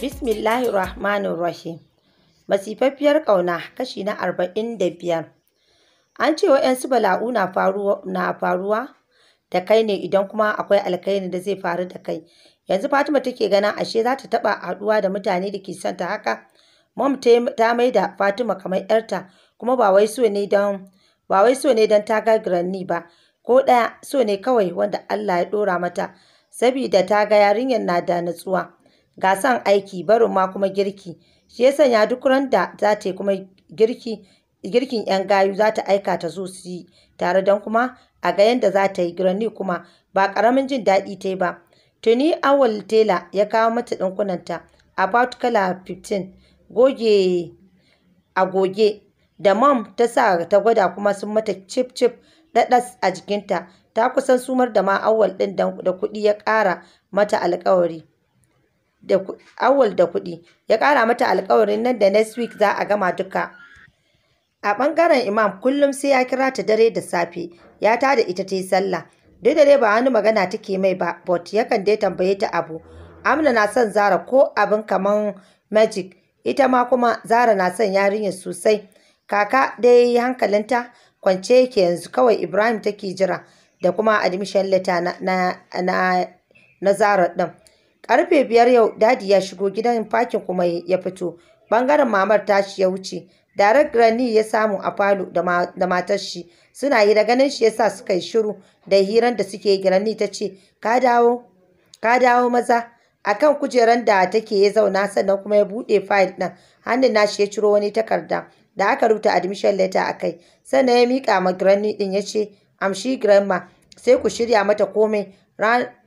Bismillahi Rahmanir Rahim. Masifaffiyar ƙauna kashi na arba'in da biyar. An ce wa'yansu bala'u na faruwa, na faruwa da kai ne idan kuma akwai alkairi da zai faru da kai. Yanzu Fatima take ganin ashe za ta taɓa haɗuwa da mutane da ke son ta haka. Mom ta da Fatima kamar 'yarta kuma ba wai so ne don ba wai so ne don ta ga granny ba ko ɗaya so ne kawai wanda Allah ya ɗora mata sabida ta ga yarinyar na da natsuwa. ga son aiki barin ma kuma girki shi ya sanya duk ran da za ta yi kuma girkin 'yan gayu za ta aika ta zo su yi tare don kuma a ga yadda za ta yi girani kuma ba karamin jin daɗi ta yi ba. Tuni Awal Tela ya kawo mata ɗinkunanta about kala 15 goge a goge da mom ta sa ta gwada kuma sun mata chip chip ɗaɗas a jikinta ta kusan sumar da ma Awal ɗin da kuɗi ya ƙara mata alƙawari. Auwal da kuɗi ya ƙara mata alƙawarin nan da next week za a gama duka. A ɓangaren Imam kullum sai ya kira ta dare da safe ya ta da ita ta yi sallah. Duk da dai ba wani magana take mai ba but yakan dai tambaye ta abu. Amna na son Zara ko abin kaman magic ita ma kuma Zara na son yarinyar sosai. Kaka dai hankalinta kwance yake yanzu kawai Ibrahim take jira da kuma admission letter na, na, na, na Zara ɗin. Karfe biyar yau dadi ya shigo gidan fakin kuma ya fito. Bangaren mamar tashi ya wuce. Darek Granny ya samu a falo da matar shi suna yi da ganin shi yasa suka yi shiru da hiran da suke Granny ta ce ka dawo ka dawo maza akan kujeran da take ya zauna sannan kuma ya bude fayil ɗin hannun nashi ya ciro wani takarda da aka rubuta admission letter a kai sannan ya mika ma Granny din ya ce amshi grandma sai ku shirya mata komai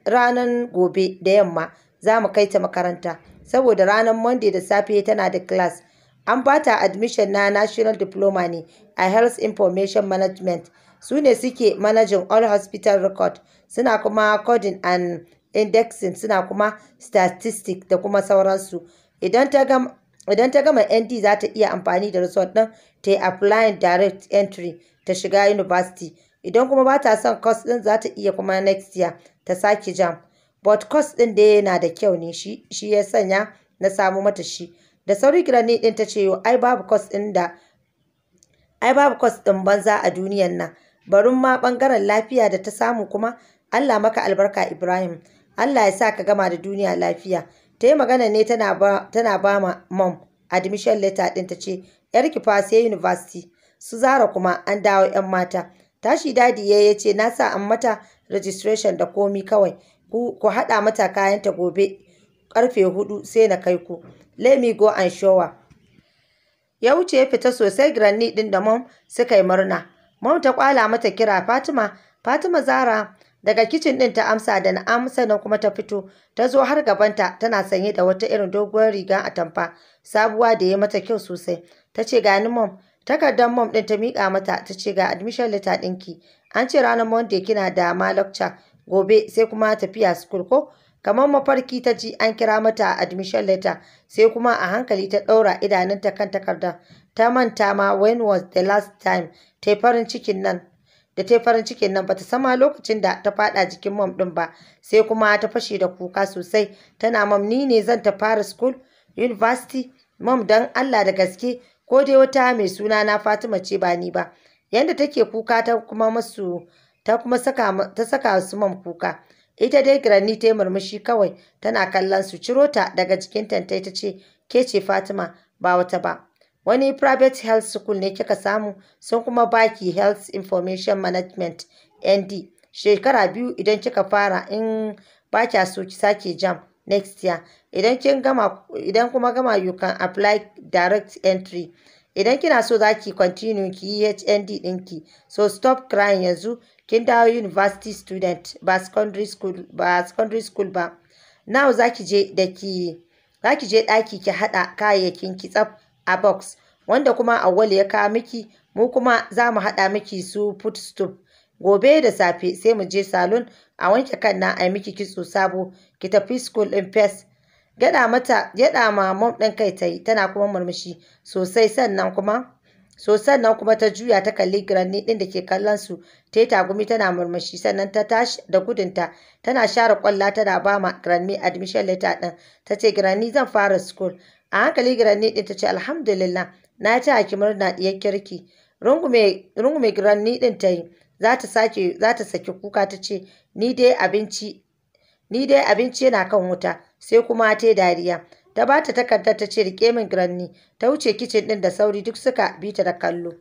ranan gobe da yamma za mu kai ta makaranta saboda ranar monday da safe tana da class an ba ta admission na national diploma ne a health information management su ne suke managing all hospital record suna kuma coding and indexing suna kuma statistics da kuma sauransu idan ta gama idan ta nd za ta iya amfani da result ɗin ta yi applying direct entry ta shiga university idan kuma ba ta son course ɗin za ta iya kuma next year ta sake jam but cost ɗin da yana da kyau ne shi shi ya sanya na samu mata shi da sauri granny ɗin ta ce yo ai babu cost ɗin da ai babu cost din banza a duniyan nan barin ma bangaren lafiya da ta samu kuma Allah maka albarka Ibrahim Allah ya sa ka gama da duniya lafiya ta yi magana ne tana ba tana ba ma mom admission letter ɗin ta ce Yar fa sai university su zara kuma an dawo 'yan mata tashi dadi ya ce na sa an mata registration da komi kawai ku ku haɗa mata kayanta gobe ƙarfe huɗu sai na kai ku let me go and her ya wuce ya fita sosai granny ɗin da mom suka yi murna mom ta kwala mata kira fatima fatima zara daga kicin ɗin ta amsa da na'am sannan kuma ta fito ta zo har gabanta tana sanye da wata irin doguwar riga atamfa sabuwa da ya mata kyau sosai ta ce gani mom takardar mom ɗin ta miƙa mata ta ce ga admission letter ɗinki an ce ranar monday kina da ma gobe sai kuma tafiya school ko kamar mafarki ta ji an kira mata a admission letter sai kuma a hankali ta ɗaura idanunta kan takardar ta manta ma when was the last time ta farin cikin nan da ta farin cikin nan bata sama lokacin da ta faɗa jikin mom ɗin ba sai kuma ta fashe da kuka sosai tana mom ni ne zan ta fara school university mom dan Allah da gaske ko dai wata mai suna na Fatima ce ba ni ba yanda take kuka ta kuma masu ta kuma saka ta saka man kuka ita dai Granny ta murmushi kawai tana kallon su ciro ta daga jikin tantai ta ce ke ce Fatima ba wata ba wani private health school ne kika samu sun kuma baki health information management ND shekara biyu idan kika fara in ba kya so ki sake jam next year idan idan kuma gama you can apply direct entry idan kina so za ki continue ki yi hnd ɗinki so stop crying yanzu kin dawo university student ba secondary school ba secondary school ba now za ki je da ki za ki je ɗaki ki haɗa kayayyakin ki tsaf a box wanda kuma awwal ya kawo miki mu kuma za mu haɗa miki su put stop gobe da safe sai mu je salon a wanke kanna na yi miki kitso sabo ki tafi school ɗin first. gyaɗa mata gyaɗa ma mom ɗin kai ta yi tana kuma murmushi sosai sannan kuma so sannan kuma ta juya ta kalli giranni ɗin da ke kallon su ta yi tagumi tana murmushi sannan ta tashi da gudunta tana share kwalla tana ba ma granny admission letter ɗin ta ce granny zan fara school a hankali granny ɗin ta ce alhamdulillah na ci haki murna ɗiyar kirki rungume granny ɗin ta yi za ta sake za ta saki kuka ta ce ni dai abinci ni dai abinci yana kan wuta sai kuma ta dariya ta bata ta takardar ta ce rike min granni ta wuce kicin din da sauri duk suka bi ta da kallo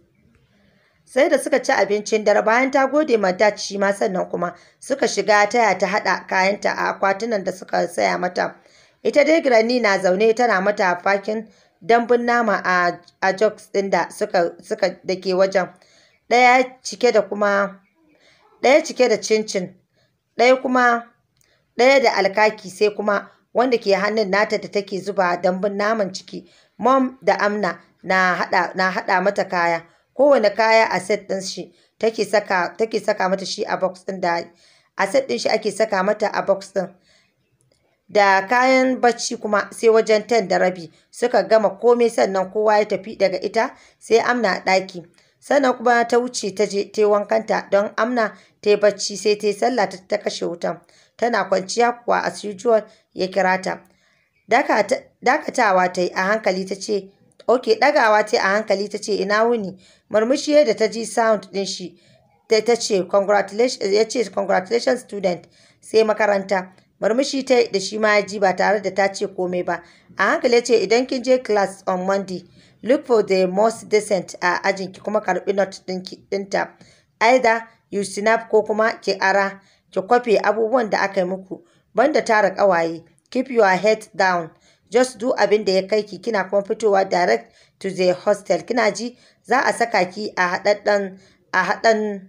sai da suka ci abincin dare bayan ta gode mata shi ma sannan kuma suka shiga taya ta haɗa kayanta a akwatunan da suka saya mata ita dai granni na zaune tana mata fakin dambun nama a jokes ɗin da suka suka da wajen ɗaya cike da kuma daya cike da cincin ɗaya kuma ɗaya da alkaki sai kuma wanda ke hannun nata da take zuba dambun naman ciki mom da amna na hada, mata kaya kowane kaya a set din shi take saka take saka mata shi a box din da a set din shi ake saka mata a box din. da kayan bacci kuma sai wajen ten da rabi suka gama komai sannan kowa ya tafi daga ita sai amna daki. sannan kuma ta wuce ta je ta wankanta don amna ta yi bacci sai ta yi sallah ta kashe wutan tana kwanciya kuwa as usual ya kira ta dakatawa ta yi a hankali ta ce ok ɗagawa ta yi a hankali ta ce ina wuni murmushi da ta ji sound ɗin shi ta ce ya congratulations student sai makaranta murmushi ta da shi ma ya ji ba tare da ta ce komai ba a hankali ya ce idan kin je class on monday look for the most decent a ajinki kuma karbi not ɗinta either you snap ko kuma ki ara ki kwafe abubuwan da aka yi muku banda tara ƙawaye keep your head down just do abin da ya kai ki kina kuma fitowa direct to the hostel kina ji za a saka ki a haɗaɗɗen a haɗan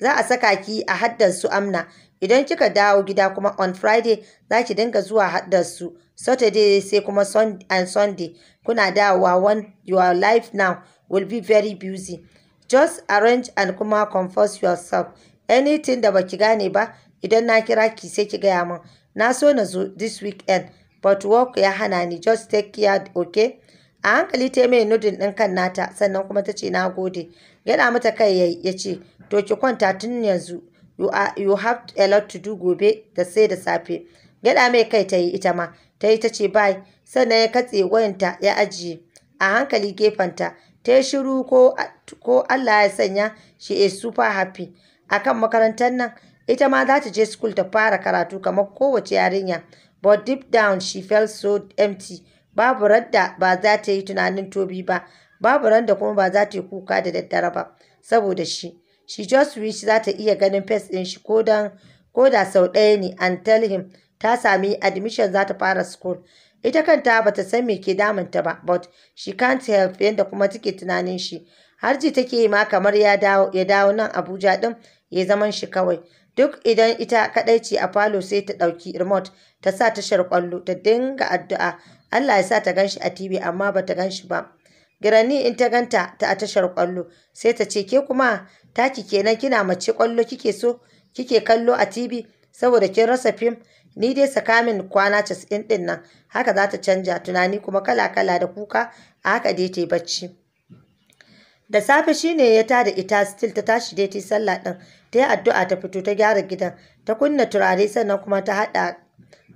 za a saka ki a haddan su amna idan kika dawo gida kuma on friday za ki dinga zuwa haddan su saturday sai kuma sunday and sunday kuna dawowa one your life now will be very busy just arrange and kuma compose yourself anything da baki gane ba idan na kira ki sai ki gaya min na so na zo this weekend but work ya hana ni just take care okay a hankali ta mai nudin ɗin kan nata sannan kuma ta ce na gode yana mata kai ya ce to ki kwanta tun yanzu you, have a lot to do gobe da sai da safe gyaɗa mai kai ta yi ita ma ta yi ta ce bye. sannan ya katse wayanta ya ajiye a hankali gefenta ta yi shiru ko, allah ya sanya shi is super happy akan makarantar nan ita ma za ta je school ta fara karatu kamar kowace yarinya but deep down she felt so empty babu radda ba za ta yi tunanin tobi ba babu randa kuma ba za ta yi kuka da daddare ba saboda shi she just wish za ta iya ganin face ɗin shi ko dan ko da sau ɗaya ne and tell him ta sami admission za ta fara school ita kanta ba ta san me ke damunta ba but she can't help yadda kuma take tunanin shi har ji take ma kamar ya dawo ya dawo nan Abuja din ya zaman shi kawai duk idan ita kaɗai ce a falo sai ta ɗauki remote ta sa tashar kwallo ta dinga addu'a Allah ya sa ta ganshi a TV amma ba ta ganshi ba Girani in ta ganta ta a tashar kwallo sai ta ce ke kuma taki kenan kina mace kwallo kike so kike kallo a TV saboda kin rasa fim ni dai sakamin kwana casa'in ɗin nan haka za ta canja tunani kuma kala kala da kuka a haka dai ta yi bacci. da safe shine ya ta da ita still ta tashi dai ta sallah din ta yi addu'a ta fito ta gyara gidan ta kunna turare sannan kuma ta haɗa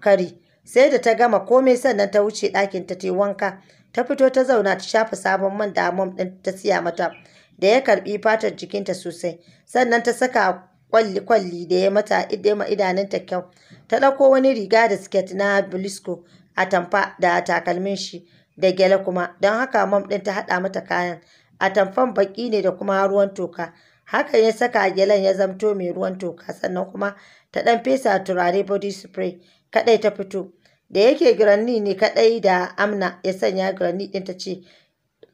kari sai da ta gama komai sannan ta wuce ɗakin ta ta wanka ta fito ta zauna ta shafa sabon man da mom din ta siya mata da ya karbi fatar jikinta sosai sannan ta saka kwalli-kwalli da ya mata idanunta kyau ta ɗauko wani riga da siket na blisko a tamfa da takalmin shi da gyale kuma don haka mom din ta haɗa mata kayan atamfan baƙi ne da kuma ruwan toka Hakan ya saka gyalan ya zamto mai ruwan toka sannan kuma ta ɗan fesa turare body spray kaɗai ta fito da yake granny ne kadai da amna ya sanya granny din ta ce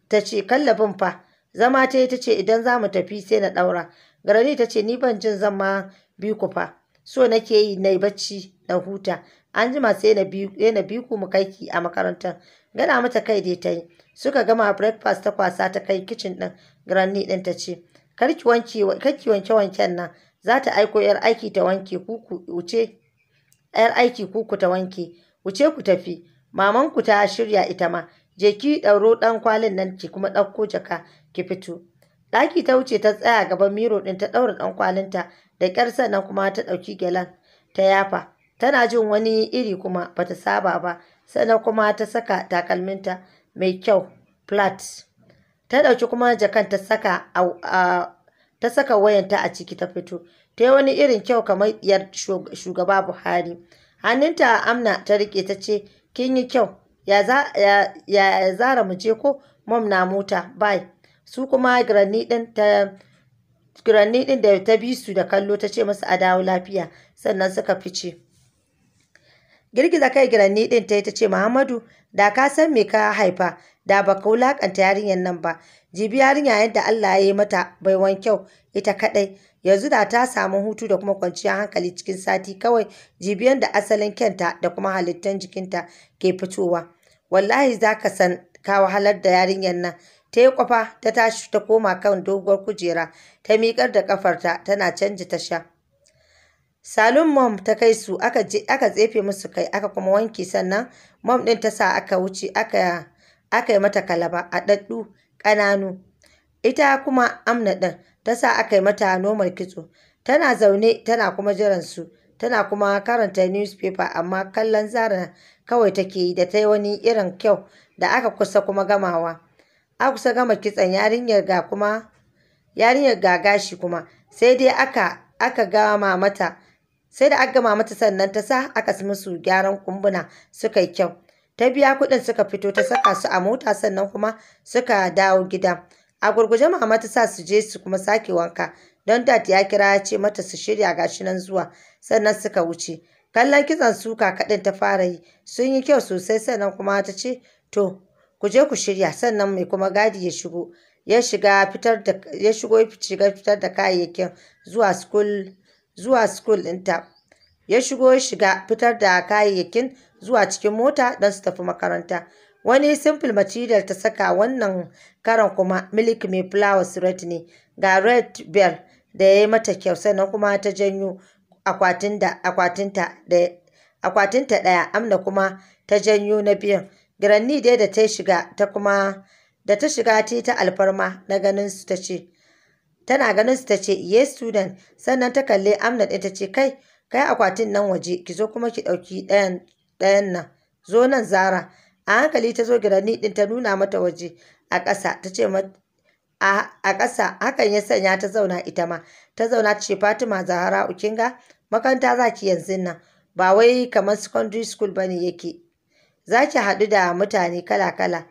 ta ce kallabin fa zama ta ce idan za mu tafi sai na ɗaura granny ta ce ni ban jin zama biyu ku fa so nake yi na bacci na huta an jima sai na bi ku mu kai ki a makarantar gana mata kai dai ta yi suka gama breakfast ta kwasa ta kai kicin ɗin granny ɗin ta ce karki wanke wanken nan za ta aiko yar aiki ta wanke kuku wuce yar aiki kuku ta wanke wuce ku tafi Mamanku ta shirya ita ma je ki ɗauro ɗan kwalin nan ki kuma ɗauko jaka ki fito Ɗaki ta wuce ta tsaya gaban miro ɗin ta ɗaura ɗan kwalinta da ƙyar sannan kuma ta ɗauki gyalan ta yafa. Tana jin wani iri kuma bata saba ba sannan kuma ta saka takalminta mai kyau flat. Ta ɗauki kuma jakan ta saka ta saka wayanta a ciki ta fito. Ta yi wani irin kyau kamar yar shugaba Buhari. Hannunta Amna ta riƙe ta ce kin yi kyau ya zara mu je ko mom na mota bye. su kuma granny din da ta bi su da kallo ta ce masu a dawo lafiya sannan suka fice girgiza kai granny din ta yi ta ce muhammadu da ka san me ka haifa da ba ka wulakanta yarinyar nan ba jibi yarinya yadda allah ya yi mata baiwan kyau ita kadai. yanzu da ta samu hutu da kuma kwanciyar hankali cikin sati kawai jibiyan da asalin kyanta da kuma halittan jikinta ke fitowa wallahi za ka san ka wahalar da yarinyar nan ta yi kwafa ta tashi ta koma kan doguwar kujera ta miƙar da ƙafarta tana canji ta sha salon mom ta kai su aka tsefe musu kai aka kuma wanki sannan mom ɗin ta sa aka wuce aka aka yi mata kalaba a ɗaɗɗu ƙananu ita kuma amna ɗin ta sa aka yi mata nomar kitso tana zaune tana kuma jiran su tana kuma karanta newspaper amma kallon zara kawai take yi da ta yi wani irin kyau da aka kusa kuma gamawa a kusa gama kitson yarinyar ga kuma yarinyar ga gashi kuma sai dai aka aka gama mata sai da aka gama mata sannan ta sa aka su musu gyaran kumbuna suka yi kyau ta biya kuɗin suka fito ta saka su a mota sannan kuma suka dawo gida a gurguje mama ta sa su je su kuma sake wanka don dat ya kira ya ce mata su shirya gashi nan zuwa sannan suka wuce kallon kitson suka kaɗin ta fara yi sun yi kyau sosai sannan kuma ta ce to ku je ku shirya sannan mai kuma gadi ya shigo ya shiga fitar da ya shigo ya shiga fitar da kayayyakin zuwa school zuwa school ɗinta ya shigo ya shiga fitar da kayayyakin zuwa cikin mota don su tafi makaranta wani simple material ta saka wannan karan kuma milk mai flowers red ne ga red bell da ya yi mata kyau sannan kuma ta janyo akwatinta daya amna kuma ta janyo na biyan Giranni dai da ta shiga ta kuma da ta shiga ta ta alfarma na ganin su ta ce tana ganin su ta ce yes student sannan ta kalle amna ɗin ta ce kai kai akwatin nan waje ki zo kuma ki ɗauki ɗayan ɗayan nan zo nan zara a hankali ta zo giranni ɗin ta nuna mata waje a ƙasa ta ce a ƙasa hakan ya sanya ta zauna ita ma ta zauna ce fatima zahara ukinga makaranta za ki yanzu nan ba wai kamar secondary school bane yake za ki haɗu da mutane kala-kala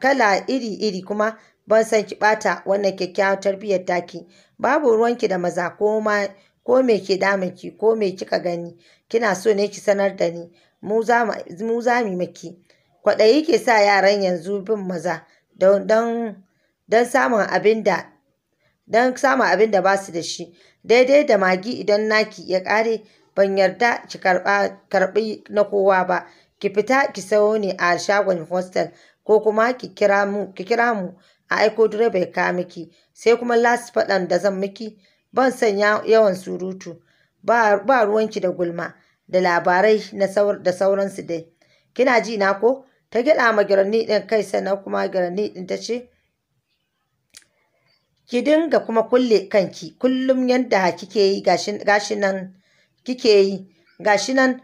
kala iri-iri kuma ban san ki ɓata wannan kyakkyawar tarbiyyar taki babu ruwanki da maza ko ma ko me ke damunki ko me kika gani kina so ne ki sanar da ni mu za mu maki kwaɗayi ke sa yaran yanzu bin maza don don samun abin da don samun abin da ba su da shi daidai da magi idan naki ya ƙare ban yarda ki karbi na kowa ba ki fita ki sayo ni a shagon hostel ko kuma ki kira mu ki kira mu a aiko direba ya kawo miki sai kuma last faɗan da zan miki ban sanya yawan surutu ba ba ruwanki da gulma da labarai na da sauransu dai kina ji na ko ta gyaɗa ma girani din kai sannan kuma girani din ta ce ki dinga kuma kulle kanki kullum yadda kike yi gashin nan kike yi gashi nan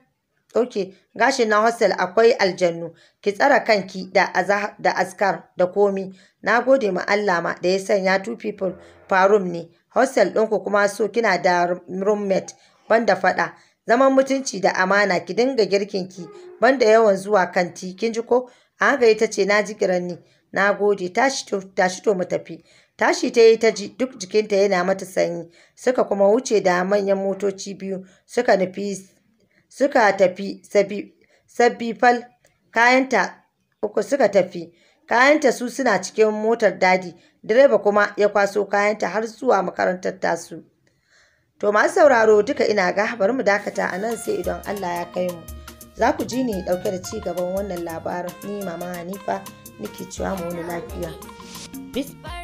ok gashi na hostel akwai aljannu ki tsara kanki da da askar da komi na gode ma Allah ma da ya sanya two people farum ne hostel ɗinku kuma so kina da roommate banda fada. zaman mutunci da amana ki dinga girkin ki banda yawan zuwa kanti kin ji ko a ga ita ce na ji kiran na gode tashi to mu tafi tashi ta yi ta ji duk jikinta yana mata sanyi suka kuma wuce da manyan motoci biyu suka nufi suka tafi sabbi fal kayanta uku suka tafi kayanta su suna cikin motar dadi direba kuma ya kwaso kayanta har zuwa makarantar tasu to masu sauraro duka ina ga bari mu dakata a nan sai idan Allah ya kai mu za ku ji ni dauke da ci gaban wannan labarin ni mama Hanifa nake cewa mu wani lafiya.